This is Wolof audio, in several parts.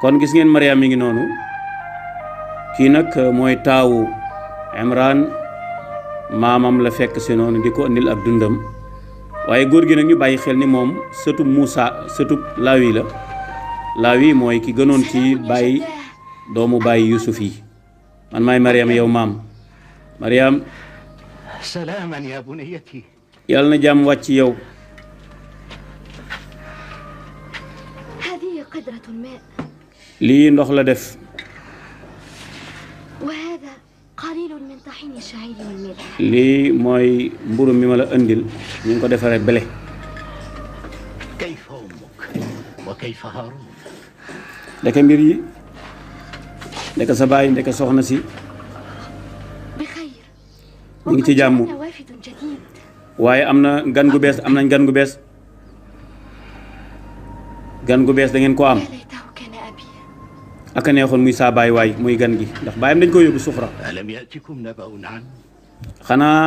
kon gis ngeen Mariam mi ngi noonu kii nag euh, mooy taawu Imran maamam la fekk si noonu di ko indil ab dundam waaye góor gi nag ñu bàyyi xel ni moom sëtub Muusa sëtub Laawi la Laawi mooy ki gënoon ci bàyyi doomu bàyyi Yuusuf yi man maay Mariam yow maam Mariam salaaman yaa bunayati yàlla na jàmm wàcc yow lii ndox la def lii mooy mburu mi ma la indil ñu ko defaree bele ndeke mbir yi ndeke sa baay ndeke soxna si mu ngi ci jàmm waaye am na gan gu bees am nañ gan gu bees gan gu bees da ngeen ko am aka neexoon muy saa baay waay muy gan gi ndax baayam dañ ko yóbbu suxra xanaa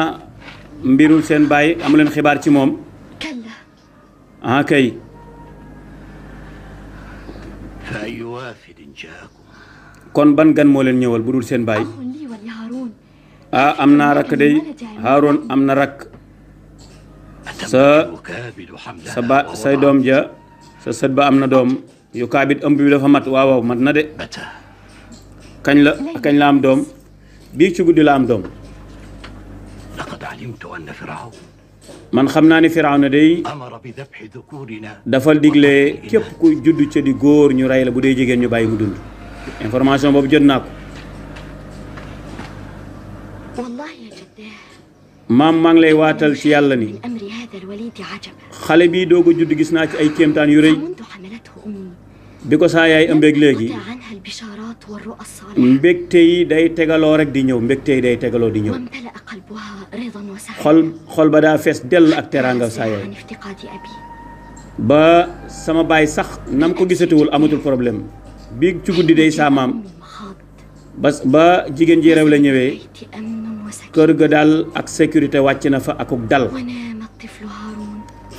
mbirul seen baay amu leen xibaar ci moom ah kay kon ban gan moo leen ñëwal bu dul seen baay ah am naa rakk day Haaroon am na rakk sa sa ba say doom ja sa sët ba am na doom yu kaabit ëmb bi dafa mat waaw waaw mat na de kañ la kañ la am doom bii ci guddi la am doom man xam naa ni Firawna day dafa digle képp ku judd ca di góor ñu rey la bu dee jigéen ñu bàyyi mu dund information boobu jot naa ko maam maa ngi lay waatal ci yàlla ni xale bii doog judd gis naa ci ay kéemtaan yu rëy bi ko saa yaay ëmbeeg léegi mbégte yi day tegaloo rek di ñëw mbégte yi day tegaloo di ñëw xol xol ba daa fees dell ak teraanga saa yaay ba sama baay sax nam ko gisatuwul amatul problème bi ci guddi day saa maam ba ba jigéen ji rew la ñëwee kër ga daal ak sécurité wàcc na fa akuk dal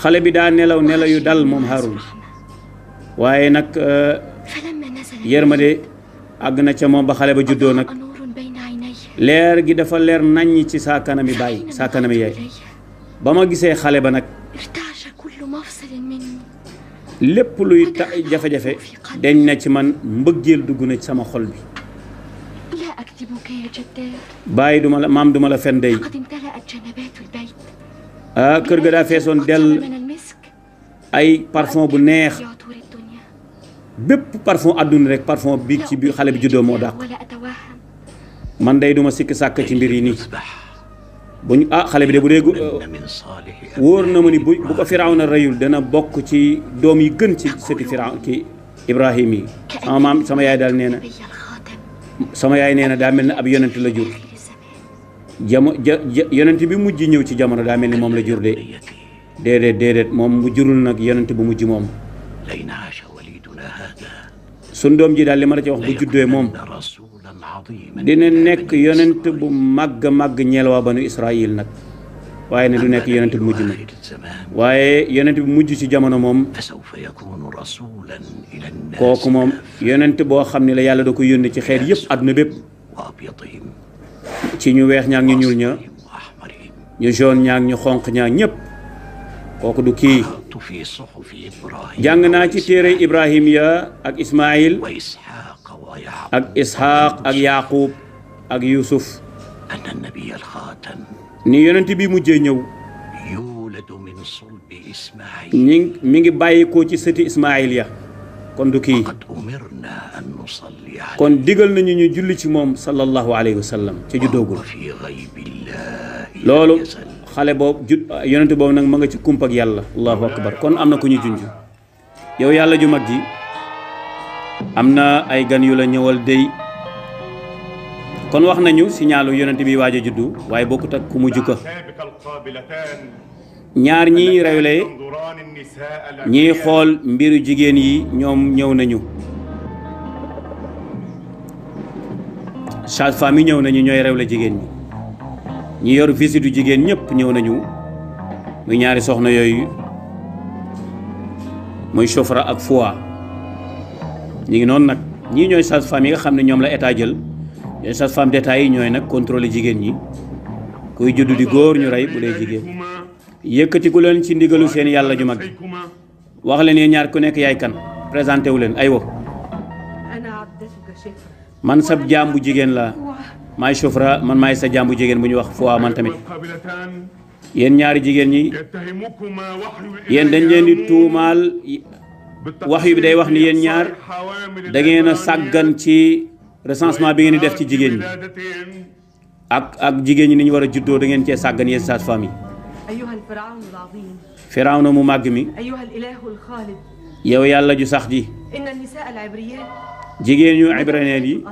xale bi daa nelaw nelaw yu dal moom Haroun waaye nag euh, yërmande àgg na ca moom ba xale ba juddoo nag leer gi dafa leer naññ ci saa kanami bàyyi saa kanami yaay ba ma gisee xale ba nag lépp luy ta jafe-jafe dañ na ci man mbëggeel dugg na ci sama xol bi bàyyi duma la maam duma la fen day ah kër ga daa feesoon dell ay parfon bu neex bépp parfum àdduna rek parfum bi ci bi xale bi juddoo moo dàq man day duma sikki sàkk ci mbir yi nii bu ñu ah xale bi de bu dee euh, wóor na ma ni bu bu ko firawna reyul dana bokk ci doom yi gën ci sëti firaw ci ibrahim yi sama maam sama yaay daal nee na sama yaay nee na daa mel ni ab yonent la jur jamo yonent bi mujj ñëw ci jamono daa mel ni moom la jur de déedéet déedéet moom mu jurul nag yonent bu mujj moom sun doom ji daal li ma la ci wax bu juddoo moom dina nekk yonent bu màgg màgg ñeel waa banu Israil nag waaye ne du nekk yonent bu mujj ma waaye yonent bu mujj ci jamono moom kooku moom yonent boo xam ne la yàlla doo ko yónni ci xeet yëpp àdduna bépp ci ñu weex ñaag ñu ñuul ña ñu jaune ñaag ñu xonq ñaag ñëpp kooku du kii jàng naa ci téere ibrahim ya ak ismail ak isxaaq ak yaqub ak yusuf ni yonent bi mujjee ñëw ñi mi ngi bàyyikoo ci sëti ismail ya kon du kii kon digal nañu ñu julli ci moom sallallahu alayhi wa sallam ca juddoogul loolu xale boobu ju yonent boobu nag ma nga ci kump ak yàlla allahu akbar kon am na ku ñu junj yow yàlla ju mag ji am na ay gan yu la ñëwal dey kon wax nañu si signaalu yonent bi waaj juddu waaye bokkut ak ku mu jukka ñaar ñiy rewle ñiy xool mbiru jigéen yi ñoom ñëw nañu sage-femme yi ñëw nañu ñooy rewle jigéen ñi ñi yor visite yu jigéen ñëpp ñëw nañu muy ñaari soxna yooyu muy sofra ak foi ñu ngi noonu nag ñii ñooy sage-femme yi nga xam ne ñoom la état jël ñooy sage-femme d'État yi ñooy nag contrôler jigéen ñi kuy juddu di góor ñu rey bu dee jigéen yëkkati ci ndigalu seen yàlla ju mag wax leen yéen ñaar ku nekk yaay kan présenté wu leen aywa man sab jaam bu jigéen la maay Soufra man maay sa jàmbu jigéen bu ñuy wax Fowa man tamit yéen ñaari jigéen ñi yéen dañ leen di tuumaal wax yu bi day wax ni yéen ñaar da a sàggan ci recensement bi ngeen di def ci jigéen ñi ak ak jigéen ñi ni war a juddoo da ngeen cee sàggan yéen sages-femmes yi Firawna mu màgg mi yow yàlla ju sax ji jigéen ñu ibraneel yi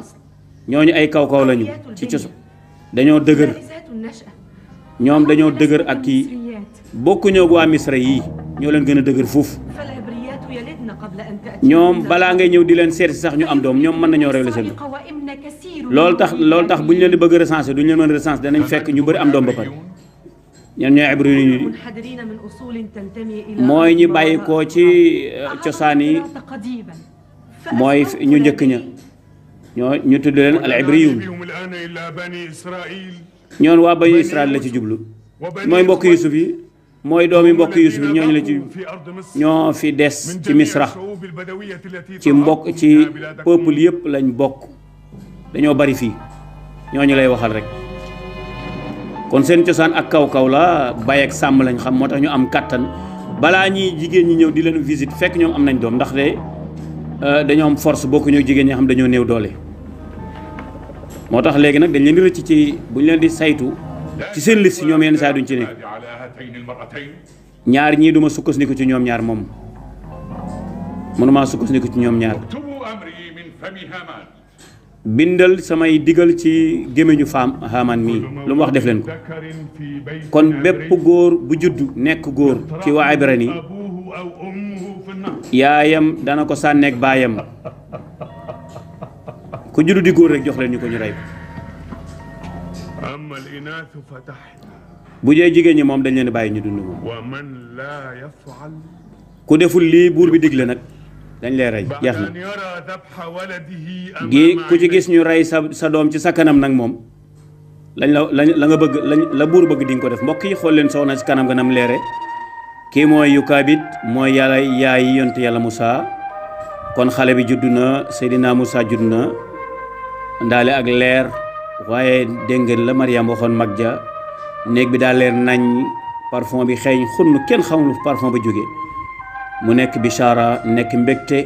ñooñu ay kaw kaw lañu ci cosu dañoo dëgër ñoom dañoo dëgër ak kii bokkuñoo waa misra yii ñoo leen gën a dëgër foofu ñoom balaa ngay ñëw di leen seet si sax ñu am doom ñoom mën nañoo réglé seen loolu tax loolu tax bu ñu leen di bëgg recensé du ñu leen mën recensé danañ fekk ñu bëri am doom ba pare ñoom ñooy ibru yi mooy ñi bàyyi ko ci euh, cosaan yi mooy ñu njëkk ña ñoo ñu tudd leen al ibriyun ñoon waa banu israil la ci jublu mooy mbokk yusuf yi mooy doomi mbokk yusuf yi ñooñu la ci ñoo fi des ci misra ci mbokk ci peuple yëpp lañ bokk dañoo bari fii ñoo ñu lay waxal rek kon seen cosaan ak kaw-kaw la bay ak sàmm lañ xam moo tax ñu am kàttan balaa ñuy jigéen ñi ñëw di leen visite fekk ñoom am nañ doom ndax Euh, dañoo am force bokku ñu jigéen ñi xam dañoo néew doole moo tax léegi nag dañ leen di rëcc ci bu ñu leen di saytu ci seen liste ñoom yenn saa duñ ci ne ñaar ñii duma sukkandiku ci ñoom ñaar moom mënuma sukkandiku ci ñoom ñaar bindal samay digal ci gémmiñu faam Haamaan mii lu mu wax def leen ko kon bépp góor bu judd nekk góor ci waa Ibrani yaayam dana ko sànneeg baayam ku juddu di góor rek jox leen ñu ko ñu rey ko bu jee jigéen ñi moom dañ leen bàyyi ñu dund moom ku deful lii buur bi digle nag dañ lee rey jeex na gi ku ci gis ñu rey sa sa doom ci sa kanam nag moom lañ la la nga bëgg lañ la buur bëgg di nga ko def mbokk yi xool leen soxna si kanam nga nam leere kii mooy yukaabit mooy yàlla yaay yont yàlla Moussa kon xale bi judd na Seydina Moussa judd na ndaale ak leer waaye dégg ngeen la Mariam waxoon mag ja néeg bi daal leer nañ parfum bi xeeñ xunn kenn xamul parfum ba jóge mu nekk bichara nekk mbégte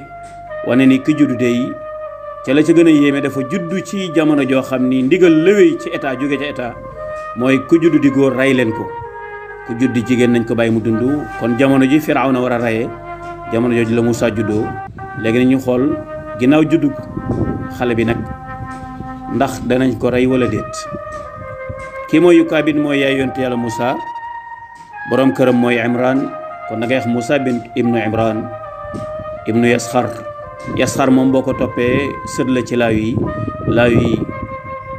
wane ni ku juddu dey ca la ca gën a yéeme dafa juddu ci jamono joo xam ni ndigal lëwéy ci état jóge ca état mooy ku juddu di góor ray leen ko ku judd jigéen nañ ko bàyyi mu dund kon jamono ji Firawna war a rayee jamono jooju la Moussa juddoo léegi nañu xool ginnaaw juddu xale bi nag ndax danañ ko rey walla déet kii mooy Yukaabin mooy yaay yonte yàlla Moussa borom këram mooy Imran kon da ngay wax Moussa ibnu Imran ibnu Yasxar Yasxar moom boo ko toppee sët ci laaw yi laaw yi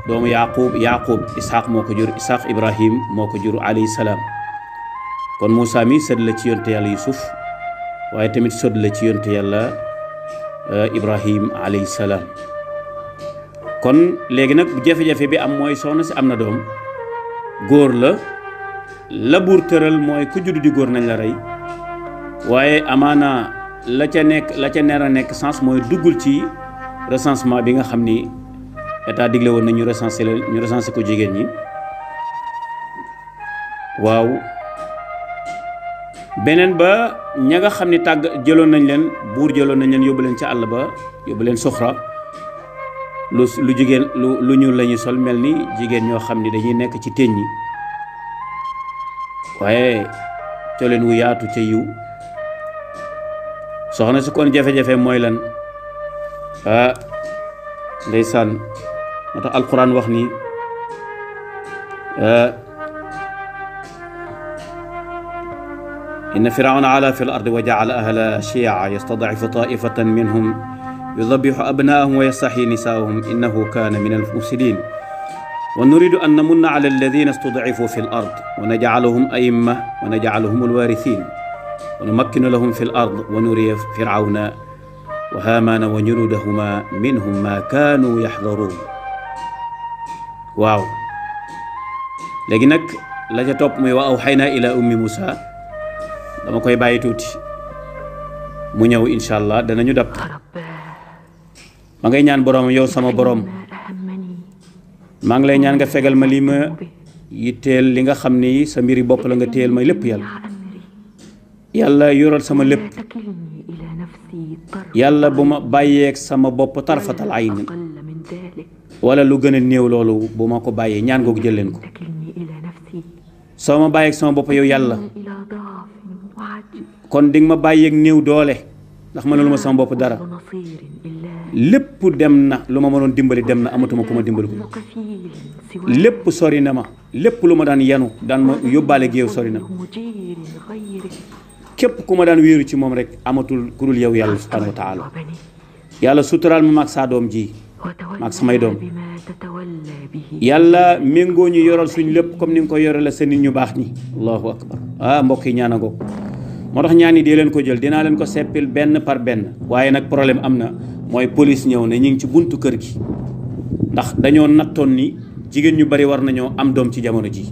doomu Yaaqub Yaaqub Isxaaq moo ko jur Isxaaq Ibrahim moo ko jur alayhi salaam kon Moussa mi sët la ci yonte yàlla Yuusuf waaye tamit sët la ci yonte yàlla euh, Ibrahim alayhi salaam kon léegi nag jafe-jafe bi am mooy soxna si am na doom góor la la buur tëral mooy ku juddu di góor nañ la rey waaye amaana la ca nekk la ca neer a nekk sens mooy duggul ci recensement bi nga xam ni état digle woon nañu ñu la ñu recensé ko jigéen ñi waaw beneen ba ña nga xam ni tàgg jëloon nañ leen buur jëloon nañ leen yóbbu leen ca àll ba yóbbu leen suxra lu jigéen lu lu ñuul lañuy sol mel ni jigéen ñoo xam ni dañuy nekk ci téñ ñi waaye coleen wu yaatu ca yiw soxna si kon jafe-jafe mooy lan ah ndeysaan moo tax alquran wax ni ah, إن فرعون علا في الأرض وجعل أهلها شيعا يستضعف طائفة منهم يذبح أبناءهم ويستحيي نساءهم إنه كان من المفسدين ونريد أن نمن على الذين استضعفوا في الأرض ونجعلهم أئمة ونجعلهم الوارثين ونمكن لهم في الأرض ونري فرعون وهامان وجنودهما منهم ما كانوا يحذرون waaw léegi nag la ca topp mooy wa awxaynaa ilaa ummi Muusaa dama koy bàyyi tuuti mu ñëw incha allah danañu dab ma ngay ñaan boroom yow sama boroom maa ngi lay ñaan nga fegal ma lii ma yitteel li nga xam ni sa mbiri bopp la nga téyel ma lépp yàlla yàlla yoral sama lépp yàlla bu ma bàyyeek sama bopp tarfatal ayni wala lu gën a néew loolu bu ma ko bàyyee ñaan googu jël leen ko soo ma bàyyeeg sama bopp yow yàlla kon di nga ma bàyyeek néew doole ndax mënalu ma sama bopp dara lépp dem na lu ma mënoon dimbali dem na amatuma ku ma dimbali ko lépp sori na ma lépp lu ma daan yenu daan ma yóbbaale géew sori na képp ku ma daan wéeru ci moom rek amatul ku dul yow yàlla subhanahu wa yàlla suturaal ma mag saa doom ji ak samay doom yàlla méngoo ñu yoral suñu lépp comme ni nga ko yorale sa nit ñu baax ñi allahu akbar ah mbokk yi ñaan a moo tax ñaan yi de leen ko jël dinaa leen ko seppil benn par benn waaye nag problème am na mooy police ñëw na ñu ngi ci buntu kër gi ndax dañoo nattoon ni jigéen ñu bari war nañoo am doom ci jamono ji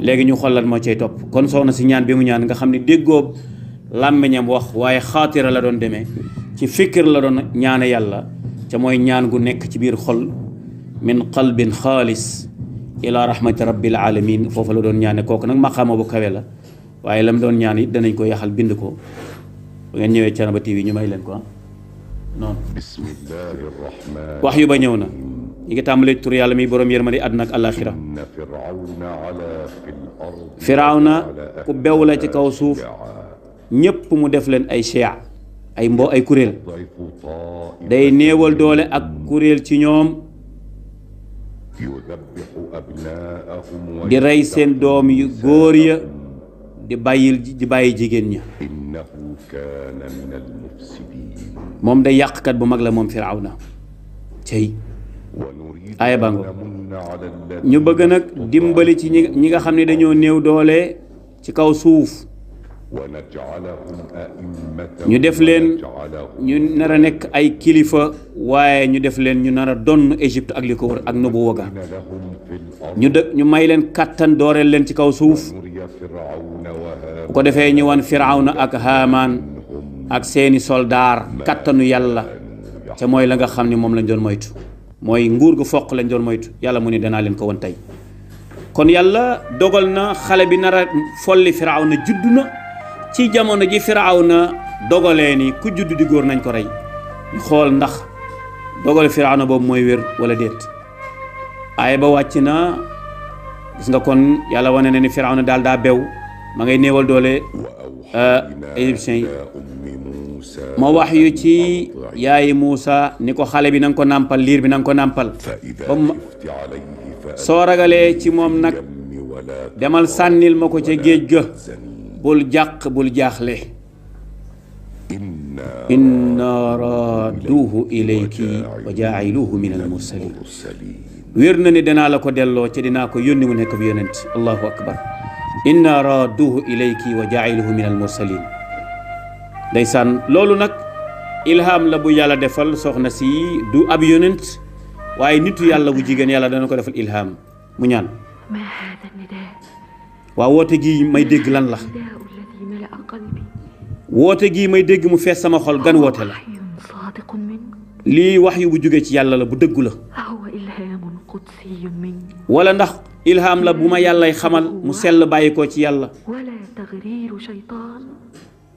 léegi ñu xool lan moo cay topp kon soxna si ñaan bi mu ñaan nga xam ne déggoo làmmiñam wax waaye xaatira la doon demee ci fikir la doon ñaane yàlla ca mooy ñaan gu nekk ci biir xol min qalbin xaalis ila rahmati rabbil alamin foofu la doon ñaane kooku nag maqaama bu kawe la waaye lam doon ñaan it danañ ko yaxal bind ko ba ngeen ñëwee Thiénaba TV ñu may leen ko ah. noonu wax yu ba ñëw na ñi ngi tàmbalee tur yàlla mi boroom yërmande àdduna ak àllaaxira firawna ku bew la ci kaw suuf ñépp mu def leen ay chia ay mbo ay kuréel day néewal doole ak kuréel ci ñoom di rey seen doom yu góor ya di bàyyil di bàyyi jigéen ña moom day yàqkat bu mag la moom Firawna cey aaya bango ñu bëgg nag dimbali ci ñi nga xam ne dañoo néew doole ci kaw suuf ñu def leen ñu nar a nekk ay kilifa waaye ñu def leen ñu nar a donn Égypte ak li ko wër ak nubuwa ga ñu dëkk ñu may leen kàttan dooreel leen ci kaw suuf bu ko defee ñu wan na ak Haamaan ak seeni soldaar kàttanu yàlla te mooy la nga xam ne moom lañ doon moytu mooy nguur gu foq lañ doon moytu yàlla mu ni danaa leen ko won tey kon yàlla dogal na xale bi nar a folli Firawna juddu na ci jamono ji firawna dogalee ni ku juddu di góor nañ ko rey ñu xool ndax dogale firawna boobu mooy wér walla déet aaya ba wàcc na gis nga kon yàlla wane na ni firawna daal daa bew ma ngay néewal doole euh, égyptiens yi ma wax yu ci yaayi Muusa ni ko xale bi na ko nàmpal liir bi na ko nàmpal ba soo ragalee ci moom nag demal sànnil ma ko ca géej ga bul jàq bul jaaxle inna raaduhu ilayki wa jaailuhu min almursalin wér na ni danaa la ko delloo ci dinaa ko yónni mu nekk bi yonent allahu akbar inna raaduhu ilayki wa jaailuhu min almursalin ndeysaan loolu nag ilham la bu yàlla defal soxna si du ab yonent waaye nitu yàlla bu jigéen yàlla dana ko defal ilham mu ñaan waa woote gi may dégg lan la woote gii may dégg mu fees sama xol gan woote la lii wax yu bu jógee ci yàlla la bu dëggu la wala ndax ilham la bu ma yàllay xamal mu sell bàyyi ko ci yàlla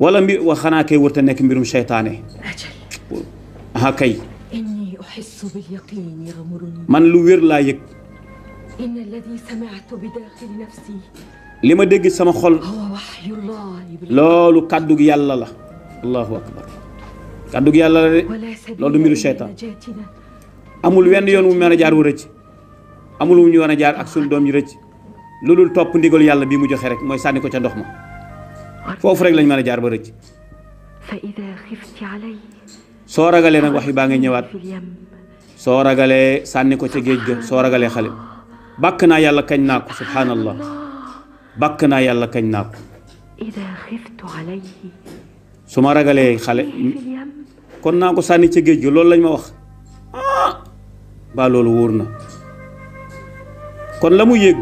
wala mbir wa xanaa kay wërta nekk mbirum seytaane aha kay man lu wér laa yëg li ma dégg sama xol oh, loolu kàddug yàlla la allahu akbar kàddug yàlla la de loolu mbiru seytaan amul wenn yoon wu mu mën a jaar rëcc amul wu ñu war a jaar ak suñu doom yi rëcc loolul topp ndigal yàlla bii mu joxe rek mooy sànni ko ca ndox ma foofu rek lañ mën a jaar ba rëcc soo ragalee nag wax yi baa ngay ñëwaat soo ragalee sànni ko ca géej ga soo ragalee xale bàkk naa yàlla kañ naa ko subhaanallah bàkk naa yàlla kañ naa ko su ma ragalee xale kon naa ko sànni ca géej gi loolu lañ ma wax ah baa loolu wóor na kon la mu yëg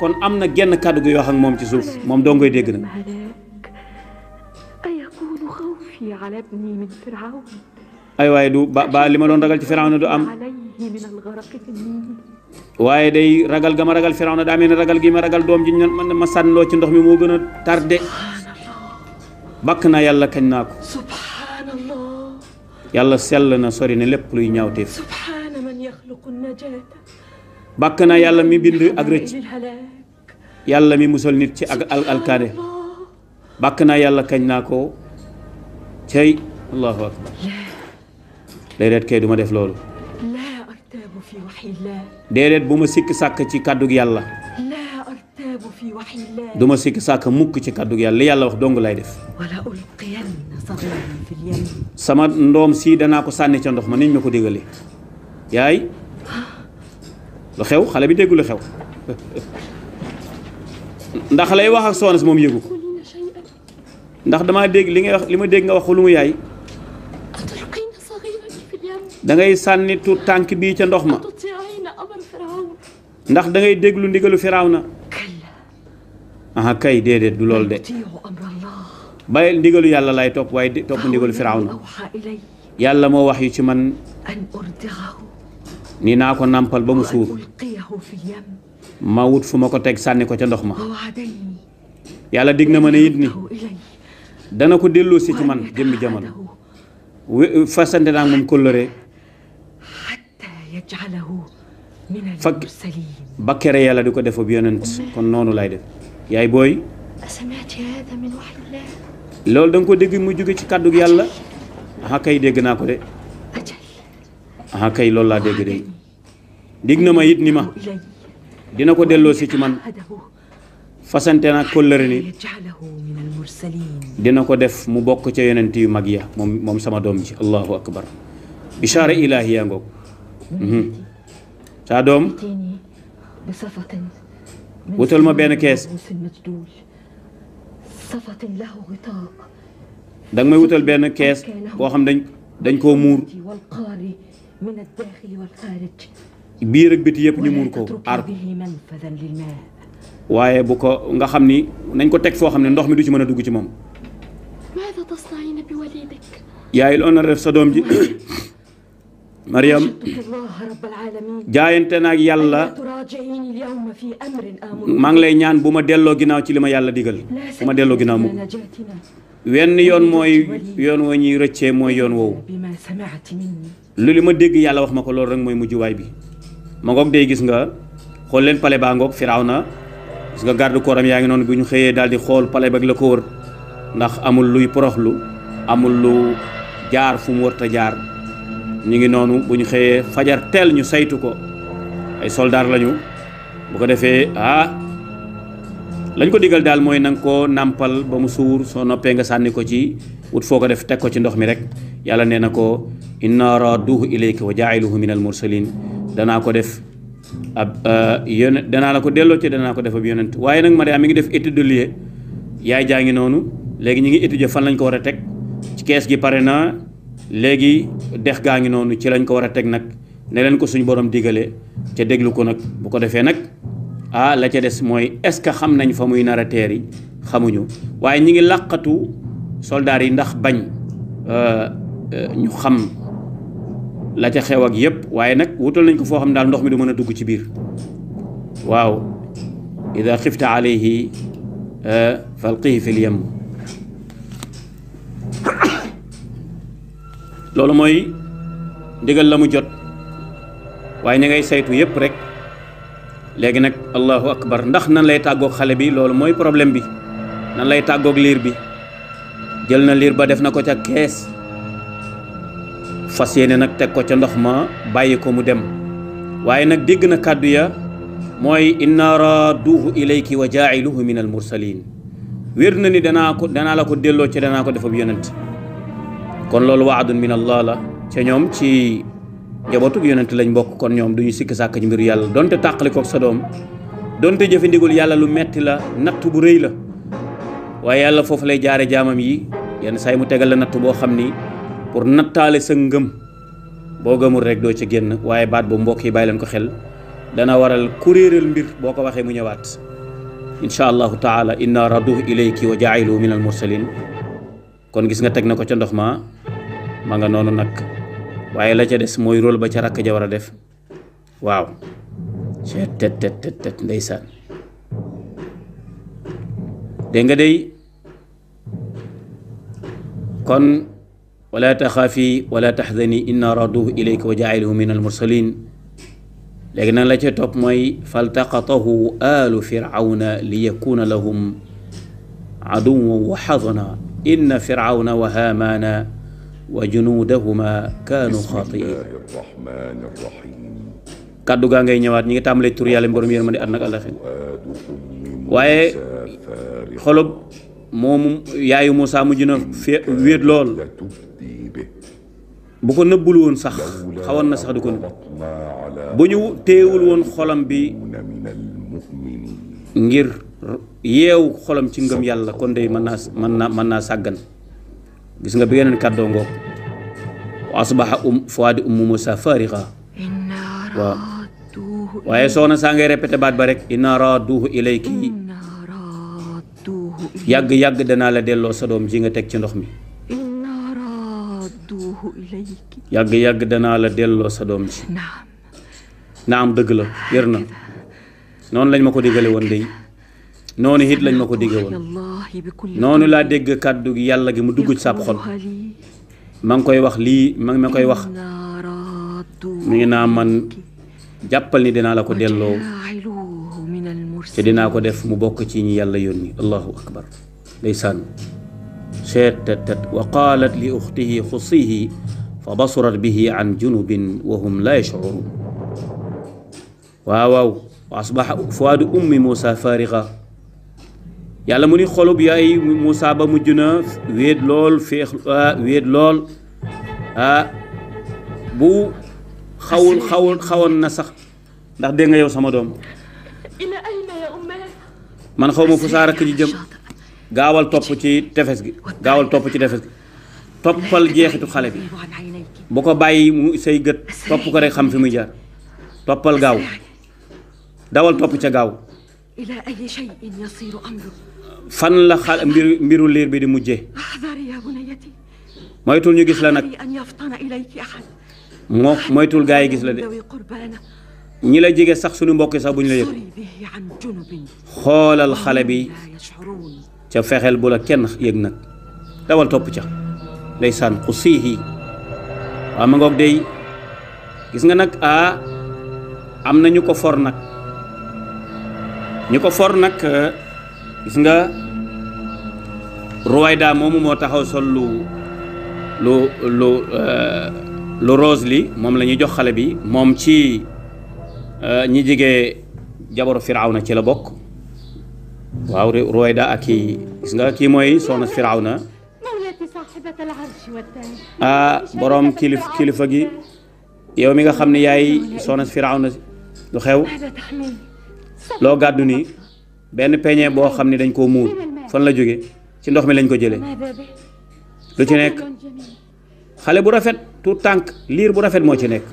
kon am na genn kàddu gi wax ak moom ci suuf moom doo ngoy dégg na ay waaye du ba li ma doon ragal ci Firawna du am waaye day ragal ga ma ragal Firawna daa mel ragal gi ma ragal doom ji man ma sànnloo ci ndox mi moo gën a tarde bakk naa yàlla kañ naa ko yàlla sell na sori ne lépp luy ñaawteef bàkk naa yàlla mi bind ak rëcc yàlla mi musal nit ci ak al alkaade bàkk naa yàlla kañ naa ko cey allahu akbar déedéet kay duma def loolu déedéet bu ma sikki sàkk ci kàddug yàlla du sikki sàkk mukk ci kàddu yàlla li yàlla wax dong lay def sama ndoom si danaa ko sànni ca ndox ma niñ ma ko digale yaay lu xew xale bi déggu lu xew ndax lay wax ak soxna si moom yëgu ndax damaa dégg li ngay wax li ma dégg nga wax lu mu yaay dangay sànni tànk bii ca ndox ma ndax da déglu ndigalu firawna aha kay déedéet du loolu de bàyyil ndigalu yàlla lay topp waaye topp ndigalu firawna yàlla moo wax yu ci man ni naa ko nàmpal ba mu suur ma wut fu ma ko teg sànni ko ca ndox ma yàlla dig na ma ne it ni dana ko delloo si ci man jëmmi jamono fasante naa moom kóllëre fakk ba yàlla di ko def ab yonent kon noonu laay def yaay booy loolu da ko dégg mu jóge ci kàddu yàlla aha kay dégg naa ko de aha kay loolu laa dégg de dig na ma it ni ma dina ko delloo si ci man fasante naa kóllëre ni dina ko def mu bokk ca yonent yu mag ya moom sama doom ji allahu akbar bishaara ilaahi saa doom wutal ma benn kees danga may wutal benn kees koo xam dañ dañ koo muur biir ak biti yëpp ñu muur ko aar ko waaye bu ko nga xam ni nañ ko teg foo xam ne ndox mi du ci mën a dugg ci moom yaay loolu na def sa doom ji Maryam jaayante naag yàlla maa ngi lay ñaan bu ma delloo ginnaaw ci li ma yàlla digal fu ma delloo ginnaaw mukk wenn yoon mooy yoon woo ñuy rëccee mooy yoon woowu lu li ma dégg yàlla wax ma ko loolu rek mooy mujjuwaay bi ma ngoog day gis nga xool leen pale baa ngoog Firawna gis nga garde kooram yaa ngi noonu bu ñu xëyee daal di xool pale ba la ko wër ndax amul luy poroxlu amul lu jaar fu mu wërta jaar ñu ngi noonu bu ñu xëyee fajar teel ñu saytu ko ay soldaar lañu bu ko defee ah lañ ko diggal daal mooy nanga ko nàmpal ba mu suur soo noppee nga sànni ko ci wut foo ko def teg ko ci ndox mi rek yàlla nee na ko inna raduhu ilayka wa jaa'iluhu min al mursalin danaa ko def ab euh, yonent danaa la ko delloo ci danaa ko def ab waaye nag Mariam mi ngi def étude de yaay jaa ngi noonu léegi ñu ngi étudier fan lañ ko war a teg ci kees gi pare na léegi dex gaa ngi noonu ci lañ ko war a teg nag ne ko suñu borom digale ca déglu ko nag bu ko defee nag ah la ca des mooy est-ce que xam nañ fa muy nar a yi xamuñu waaye ñi ngi làqatu soldaar yi ndax bañ euh, euh, ñu xam la ca xew ak yépp waaye nag wutal nañ ko foo xam daal ndox mi du mën a dugg ci biir waaw ida xifta alayhi euh, falqihi fi lyam loolu mooy ndigal la mu jot waaye ña ngay saytu yépp rek léegi nag allahu akbar ndax nan lay tàggoog xale bi loolu mooy problème bi nan lay tàggook liir bi jël na liir ba def na ko ca kees fas yéene nag teg ko ca ndox ma bàyyi ko mu dem waaye nag dégg na kàddu ya mooy inna raaduhu ilayki wa jaa'iluhu min al mursalin wér na ni danaa ko danaa la ko delloo ci danaa ko def ab yonent kon loolu waadun min allah la ca ñoom ci njabootug yonent lañ bokk kon ñoom duñu sikk sàkk ci mbiru yàlla donte tàqalikoog sa doom donte jëfandikul yàlla lu metti la natt bu rëy la waaye yàlla foofu lay jaare jaamam yi yenn saa yi mu tegal la natt boo xam ni pour nattaale sa ngëm boo gëmul rek doo ci génn waaye baat bu mbokk yi bàyyi leen ko xel dana waral kuréeral mbir boo ko waxee mu ñëwaat incha allahu taala inna raduhu ilayki wa jaa'iluhu min al mursalin kon gis nga teg na ko ca ndox ma ma nga noonu nag waaye la ca des mooy rôle ba ca rakk ja war a def waaw cee tet tet ndeysaan dégg nga day kon wala taxaafi wala taxzani inna raduhu ilayka wa jaa'iluhu min almursalin léegi nag la ca topp mooy faltaqatahu alu firawna li yakuna lahum aduwan wa xadana inna firawna wa haamaana wa junuudahumaa kaanu xaatiin kàddu gaa ngay ñëwaat ñi ngi tàmbalee tur yàlla borom yërmande àddina ak àllaaxira waaye xolub moomu yaayu Moussa mujj na fee wéet lool bu ko nëbbul woon sax xawoon na sax di ko nëbb bu ñu téewul woon xolam bi ngir yeewu xolam ci ngëm yàlla kon day mën naa mën naa mën naa sàggan gis nga bi yeneen kàddoo ngoog wa asbaha um fuwaadi ummu musa waaye soxna saa ngay répété baat ba rek yàgg-yàgg danaa la delloo sa doom ji nga teg ci ndox mi yàgg-yàgg danaa la delloo sa doom ji naam dëgg la yër na noonu lañ ma ko digale woon day noonu it lañ ma ko déggee woon noonu laa dégg kàddu gi yàlla gi mu dugg ci sab xol ma ngi koy wax lii ma ma koy wax mi ngi naa man jàppal ni dinaa la ko delloo te dinaa ko def mu bokk ci ñi yàlla yónni allahu akbar ndeysaan seet tet tet wa qaalat li uxtihi xusihi fa basurat bihi an wa hum la yashcuruun waaw waaw wa asbaxa fuaadu muusa faariga yàlla mu ni xolub yaay musaa ba mujj na wéet lool féex ah, wéet lool ah bu xawul xawul xawoon na sax ndax dégg nga yow sama doom man xaw ma fu saa rakk ji jëm gaawal topp ci tefes gi gaawal topp ci tefes gi toppal jeexitu xale bi bu ko bàyyi mu say gët topp ko rek xam fi muy jaar toppal gaaw dawal topp ca gaaw. fan la xal mbiru mbiru liir bi di mujjee moytul ñu gis la nag moo moytul gaa yi gis la de ñi la jege sax sunu mbokk sax bu ñu la yëg xoolal xale bi ca fexeel bu la kenn yëg nag dawal topp ca ndeysaan xusiihi waaw ma ngoog dey gis nga nag a ah, am na ñu ko for nag ñu ko for nag ah, gis nga ruwayda moom moo taxaw sol lu lu lu eh, lu rose li moom lañuy ñuy jox xale bi moom ci eh, ñi jigee jabaru na ci la bokk waaw ruwayda ak kii gis nga kii mooy soxna firawna na ah, borom kilif kilifa gi yow mi nga xam ni yaay soxna firawna lu xew loo gàddu nii benn peñe boo xam ne dañ koo muur fan la jóge ci ndox mi lañ ko jëlee lu ci nekk xale bu rafet tout tànk liir bu rafet moo ci nekk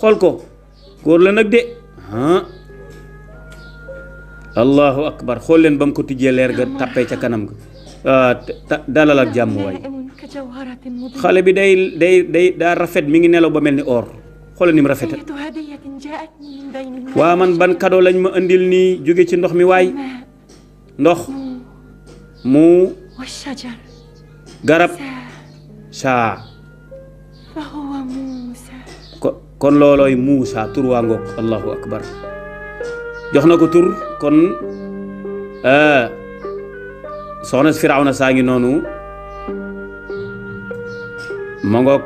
xool ko góor la nag de allahu akbar xool leen ba mu ko tijjee leer ga tàppee ca kanam ga ah, dalal ak jàmm waay xale bi day day day daa rafet mi ngi nelaw ba mel ni or xool ni mu rafete waa man bankadoo lañ ma indil nii jóge ci ndox mi waay ndox mu garab saa kon loolooy Muusa tur waa ngoog allahu akbar jox na ko tur kon e, soxna si Firawna saa ngi noonu ma ngoog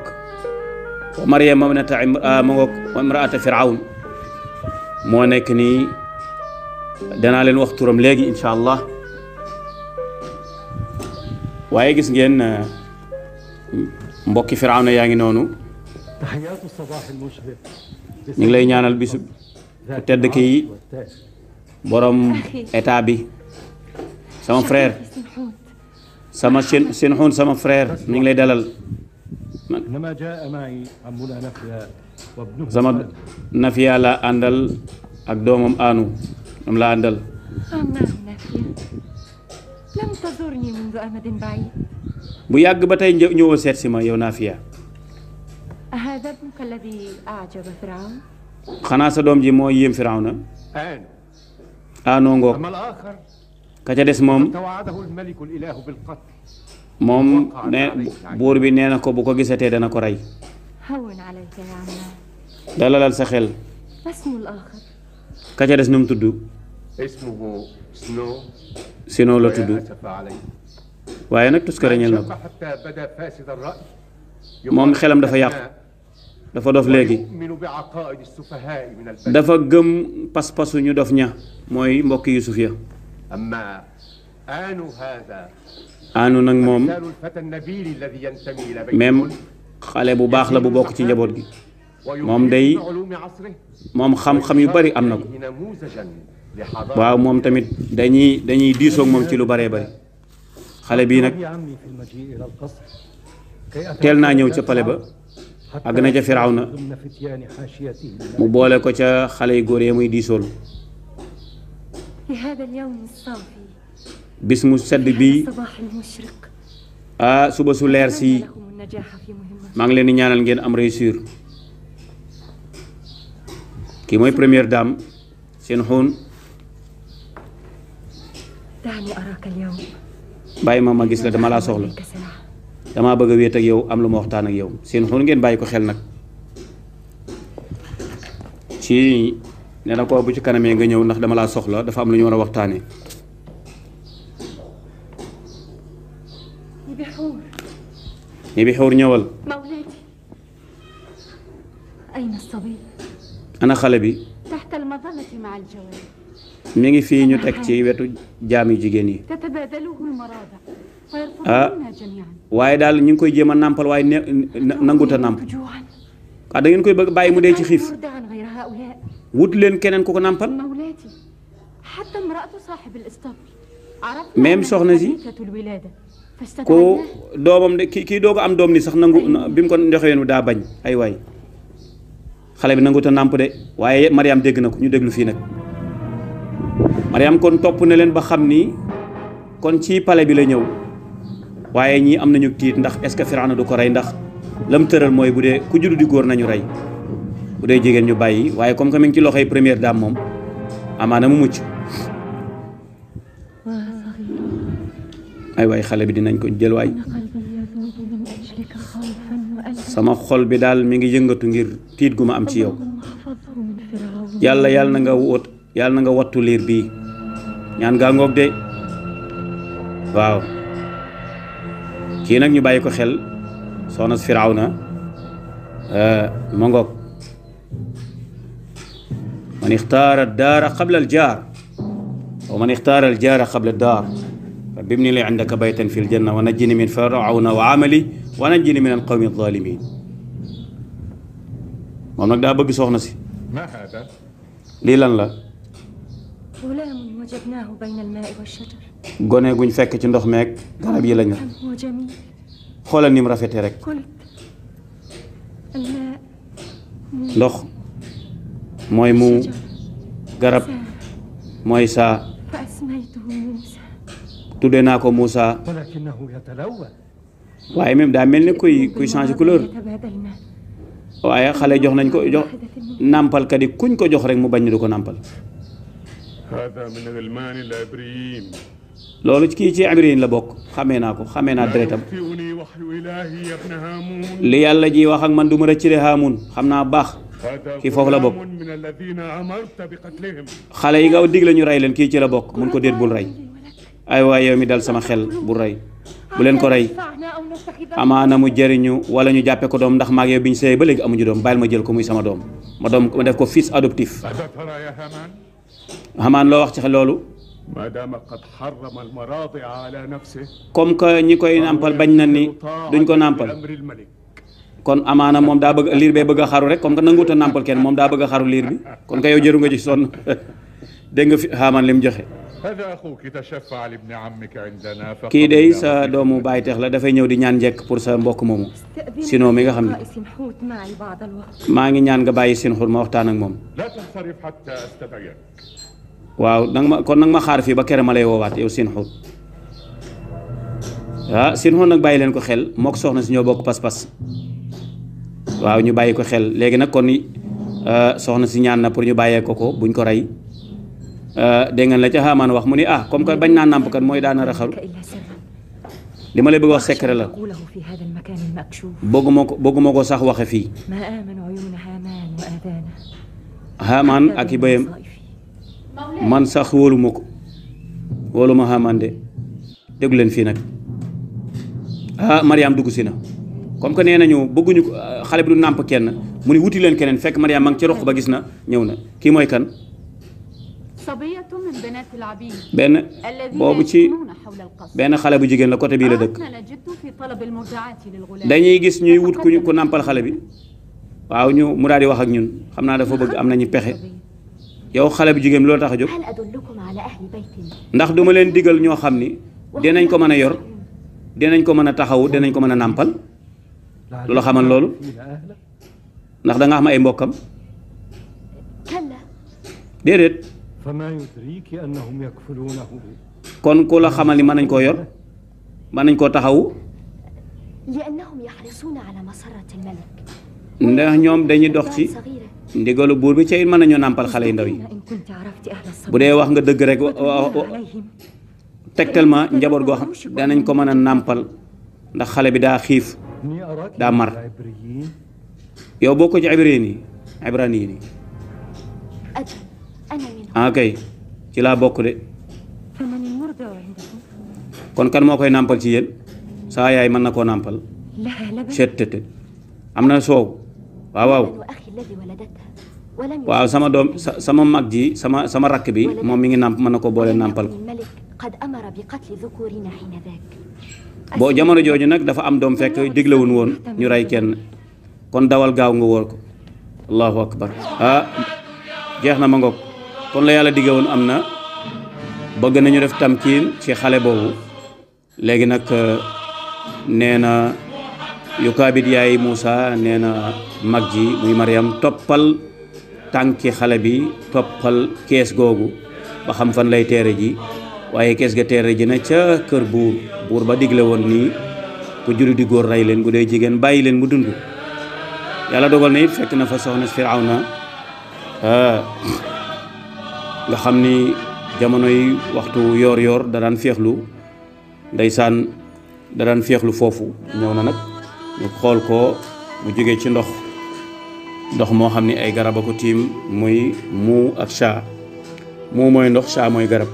wa Maryama ibnata e, ma ngoog imraata Firawn moo nekk nii danaa leen wax turam léegi allah waaye gis ngeen euh, mbokki Firawna yaa ngi noonu ñu ngi lay ñaanal bisu tedd ki borom état bi sama frère sama seen sama frère ñu ngi lay dalal sama Nafiya la àndal ak doomam Aanu am la àndal. bu yàgg ba tey ñëwoo seet si ma yow Naafiya xanaa sa doom ji moo yéem Firawna aanoo ah, ngoog ka des moom moom ne buur bi nee na ko bu ko gisatee dana ko rey dalalal sa xel ka ca des nu mu tudd sinon la tudd waaye nag tuskare ñeel na ko moom xelam dafa yàqu dafa dof léegi dafa gëm pas-pasu ñu dof ña mooy mbokki yusuf ya aanu nag moom même xale bu baax la bu bokk ci njaboot gi moom day moom xam-xam yu bari am na ko waaw moom tamit dañuy dañuy diisoog moom ci lu bare bari xale bii nag teel naa ñëw ca pale ba àgg na ca firaaw na mu boole ko ca xale yu góor ya muy diisool bis mu sedd bi ah suba su leer si maa ngi leen di ñaanal ngeen am réussir ki mooy première dame seen xun bàyyi ma ma gis la dama laa soxla damaa bëgg a wéet ak yow am lu ma waxtaan ak yow seen xol ngeen bàyyi ko xel nag ci nee na ko bu ci kanamee nga ñëw ndax dama laa soxla dafa am lu ñu war a waxtaanee. ni bi xuur ñëwal. ana xale bi. mi ngi fii ñu teg ci wetu jaam yu jigéen yi ah waaye daal ñu ngi koy jéem a nàmpal waaye ne nangut a nàmp ah koy bëgg bàyyi mu dee ci xiif leen keneen ku ko nàmpal soxna si ku doomam de kii kii doo ko am doom ni sax nangu bi mu ko joxe yoon daa bañ ay waay xale bi nangut nàmp de waaye Mariam dégg na ko ñu déglu fii nag Mariam kon topp na leen ba xam ni kon ci pale bi la ñëw waaye ñii am nañu tiit ndax est-ce que Firawna du ko rey ndax lam tëral mooy bu dee ku juddu di góor nañu rey bu dee jigéen ñu bàyyi waaye comme que mi ngi ci loxoy première dame moom amaana mu mucc ay waay xale bi dinañ ko jël waay sama xol bi daal mi ngi yëngatu ngir tiit gu ma am ci yow yàlla yàlla na nga wóot yàlla nanga nga wattu liir bi ñaan gaa ngoog de waaw kii nag ñu bàyyi ko xel soxna Firawna eh, ma ngoog man ixtaara daara qabla al jaar wa man ixtaara al jaara qabla al daar rabbi ibni li indaka baytan fi l janna wa najjini min firawna wa amali wa najjini min al qawmi zalimin moom nag daa lii lan la wajadnaahu bayna al-maa'i gone guñ fekk ci ndox meeg garab yi lañu xoolal ni mu rafetee rek ndox mooy mu garab mooy sa tuddee naa ko Moussa waaye même daa mel ni kuy kuy changer couleur waaye xale jox nañ ko jox nàmpalkat yi kuñ ko jox rek mu bañ du ko nàmpal hada min loolu kii ci abriyin la bokk xamee naa ko xamee naa deretam li yàlla ji wax ak man du ma rëcc de haamun xam naa baax kii foofu la bokk xale yi nga digle ñu rey leen kii ci la bokk mun ko déet bul rey ay waaye yow mi dal sama xel bul rey bu leen ko rey amaana mu jëriñu wala ñu jàppe ko doom ndax maag yow bi ñu sëyee ba léegi amuñu doom bàyyil ma jël ko muy sama doom ma doom ma def ko fils adoptif xamaan loo wax ci loolu madama qad xarama almaradi ala nafsi comme que ñi koy nàmpal bañ na ni duñ ko nàmpal kon amaana moom daa bëgg liir bee bëgg a xaru rek comme que nanguut a nàmpal kenn moom daa bëgg a xaru liir bi kon ka yow jëru nga ci sonn dégg nga fi xaamaan li mu joxe kii day sa doomu bàyyi teex la dafay ñëw di ñaan njekk pour sa mbokk moomu sinon mi nga xam ne maa ngi ñaan nga bàyyi seen xur ma waxtaan ak moom waaw nag ma kon nag ma xaar fii ba kere ma lay woowaat yow seen xut ah seen xut nag bàyyi leen ko xel mook soxna si bokk pas-pas ñu bàyyi ko xel léegi nag kon ah, soxna si ñaan na pour ñu bàyyee ko ko buñ ko rey ah, dégg ngeen la ca xaamaan wax mu ni ah comme que bañ naa nàmp kat mooy daana raxaru li ma lay bëgg wax secret la bëgguma ko bëgguma ko sax waxe fii xaamaan ak i bëyam man sax wóoluma ko wóoluma xamande déglu leen fii nag ah Mariam dugg si na comme que nee nañu bëgguñu ah, xale bu du nàmp kenn mu ni wuti leen keneen fekk Mariam ma ngi ci roq ba gis na ñëw na kii mooy kan. benn boobu ci benn xale bu jigéen la côté bii la dëkk dañuy gis ñuy wut ku nàmpal xale bi waaw ñu mu daal di wax ak ñun xam naa dafa bëgg am nañu pexe. yow xale bu jigéen bi loolu tax a jóg ndax duma leen diggal ñoo xam ni nañ ko mën a yor dinañ ko mën a taxawu dinañ ko mën a nàmpal lu la xamal loolu ndax danga nga xam ay mbokkam déedéet kon ku la xamal ni mën nañ koo yor mën nañ koo taxawu ndax ñoom dañuy dox ci ndigalu buur bi ci mën nañu nàmpal xale yu ndaw yi bu dee wax nga dëgg rek tegtal ma njaboot goo xam danañ ko mën a nàmpal ndax xale bi daa xiif daa mar yow boo ko ci ibrani yi ibrani yi ah kay ci laa bokk de kon kan moo koy nàmpal ci yéen saa yaay mën na koo nàmpal seet tëdd am na soow waaw waaw waaw sama doom sama mag ji sama sama rakk bi moom mi ngi nàmp mën na ko boole nàmpal ko boo jamono jooju nag dafa am doom fekk diglewuñ woon ñu rey kenn kon dawal gaaw nga wóor ko allahu akbar ah jeex na ma ngoog kon la yàlla digge woon am na bëgg nañu def tamkiin ci xale boobu léegi nag ah, nee na yukaabit yaay Muusa nee na mag ji muy Maryam toppal tànki xale bi toppal kees googu ba xam fan lay teere ji waaye kees ga teere ji na ca kër buur buur ba digle woon nii bu juri di góor rey leen bu dee jigéen bàyyi leen mu dund yàlla dogal na it fekk na fa soxna na ah, nga xam ni jamono yi waxtu yoor yoor da daan féexlu ndeysaan da daan féexlu foofu ñëw na nag ñu xool ko mu jóge ci ndox ndox moo xam ni ay garab tiim muy muu ak chaa muu mooy ndox chaa mooy garab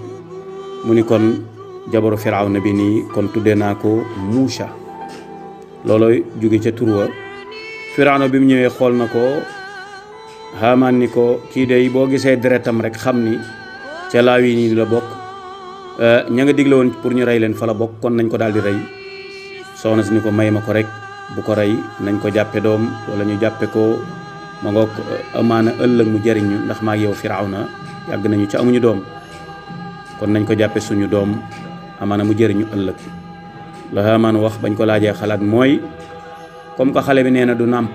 mu ni kon jabaru na bi nii kon tuddee naa ko muusa loolooy jóge ca tur wa firawna bi mu ñëwee xool na ko xaamaan ni ko kii dey boo gisee deretam rek xam ni ca laaw yi nii la bokk eh, ña nga digle woon pour ñu rey leen fa la bokk kon nañ ko daal di rey soxna si ni ko may ma ko rek bu ko rey nañ ko jàppe doom wala ñu jàppe ko ma ngoog euh, amaana ëllëg mu jariñ ñu ndax maa yàgg nañu ci amuñu doom kon nañ ko jàppe suñu doom amaana mu jëriñu ëllëg la Haamaan wax bañ ko laajee xalaat mooy comme que xale bi nee na du nàmp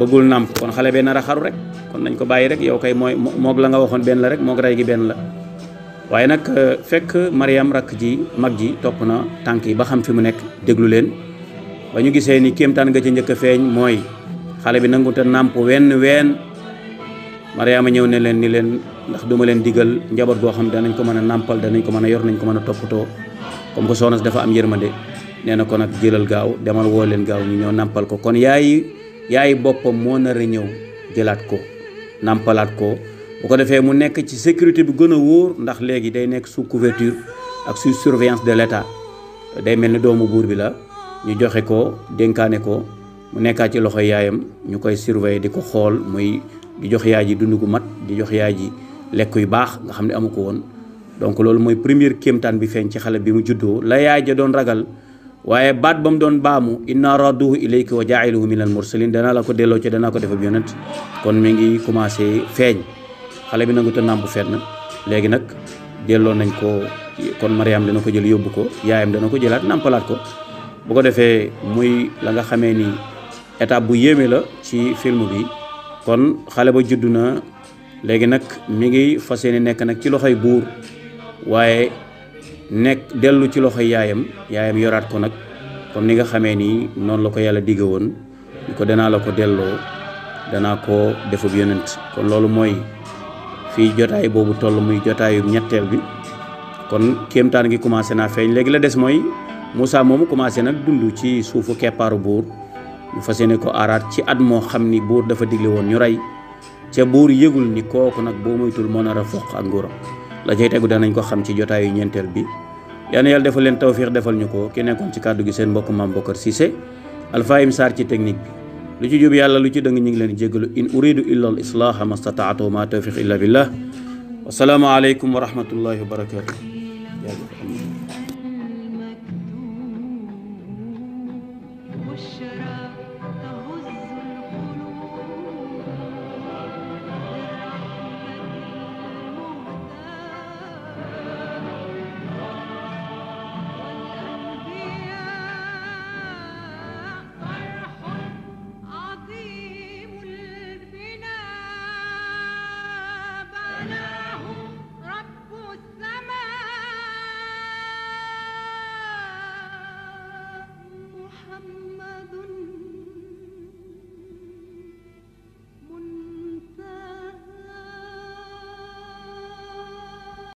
bëggul nàmp kon xale bee nar a xaru rek kon nañ ko bàyyi rek yow kay mooy moog la nga waxoon benn la rek moog rey gi benn la waaye nag euh, fekk mariyam rakk ji mag ji topp na tànk yi ba xam fi mu nekk déglu leen ba ñu gisee ni kéemtaan nga ci njëkk a feeñ mooy xale bi nangu te nàmp wenn ween Mariama ñëw ne leen ni leen ndax duma leen digal njaboot goo xam danañ ko mën a nàmpal danañ ko mën a yor nañ ko mën a toppatoo comme que soxna dafa am yërmande nee na kon nag jëlal gaaw demal woo leen gaaw ñu ñëw nàmpal ko kon yaay yaay boppam moo nar a ñëw jëlaat ko nàmpalaat ko bu ko defee mu nekk ci sécurité bi gën a wóor ndax léegi day nekk sous couverture ak sous surveillance de l' day mel ni doomu buur bi la ñu joxe ko dénkaane ko mu nekkaat ci loxo yaayam ñu koy surveiller di ko xool muy di jox yaay ji dund gu mat di jox yaay ji lekk yu baax nga xam ne amu ko woon donc loolu mooy première kéemtaan bi feeñ ci xale bi mu juddoo la yaay ja doon ragal waaye baat ba mu doon baamu inna radduhu ilayka wa jaa'iluhu min al mursalin danaa la ko delloo ci ko defab yonent kon mi ngi commencé feeñ xale bi nangu te nàmp na léegi nag delloo nañ ko kon Mariam dana ko jël yóbbu ko yaayam dana ko jëlaat nàmpalaat ko boo ko defee muy la nga xamee nii étape bu yéeme la ci film bi kon xale ba juddu na léegi nag mi ngi fa yéene nekk nag ci loxoy buur waaye nekk dellu ci loxoy yaayam yaayam yoraat ko nag kon ni nga xamee ni noonu la ko yàlla digge woon ni ko danaa la ko delloo danaa ko defub yonent kon loolu mooy fii jotaay boobu toll muy jotaayu ñetteel bi kon kéemtaan gi commencé naa feeñ léegi la des mooy Moussa moomu commencé nag dund ci suufu keppaaru buur ñu fas yéene ko aaraat ci at moo xam ni buur dafa digle woon ñu rey ca buur yëgul ni kooku nag boo moytul moo nar a foq ak nguuram la cay tegu danañ ko xam ci jotaayu ñeenteel bi yal na yàlla defal leen tawfiix defal ñu ko ki nekkoon ci kàddu gi seen mbokk Mame Bokar Cissé Alfahim Sarr ci technique bi lu ci jub yàlla lu ci dëng ñu ngi leen jéggalu in uridu illa al islaaha ma stata'tu ma tawfiq illa la wasalaamu aleykum wa rahmatullahi wa barakatuh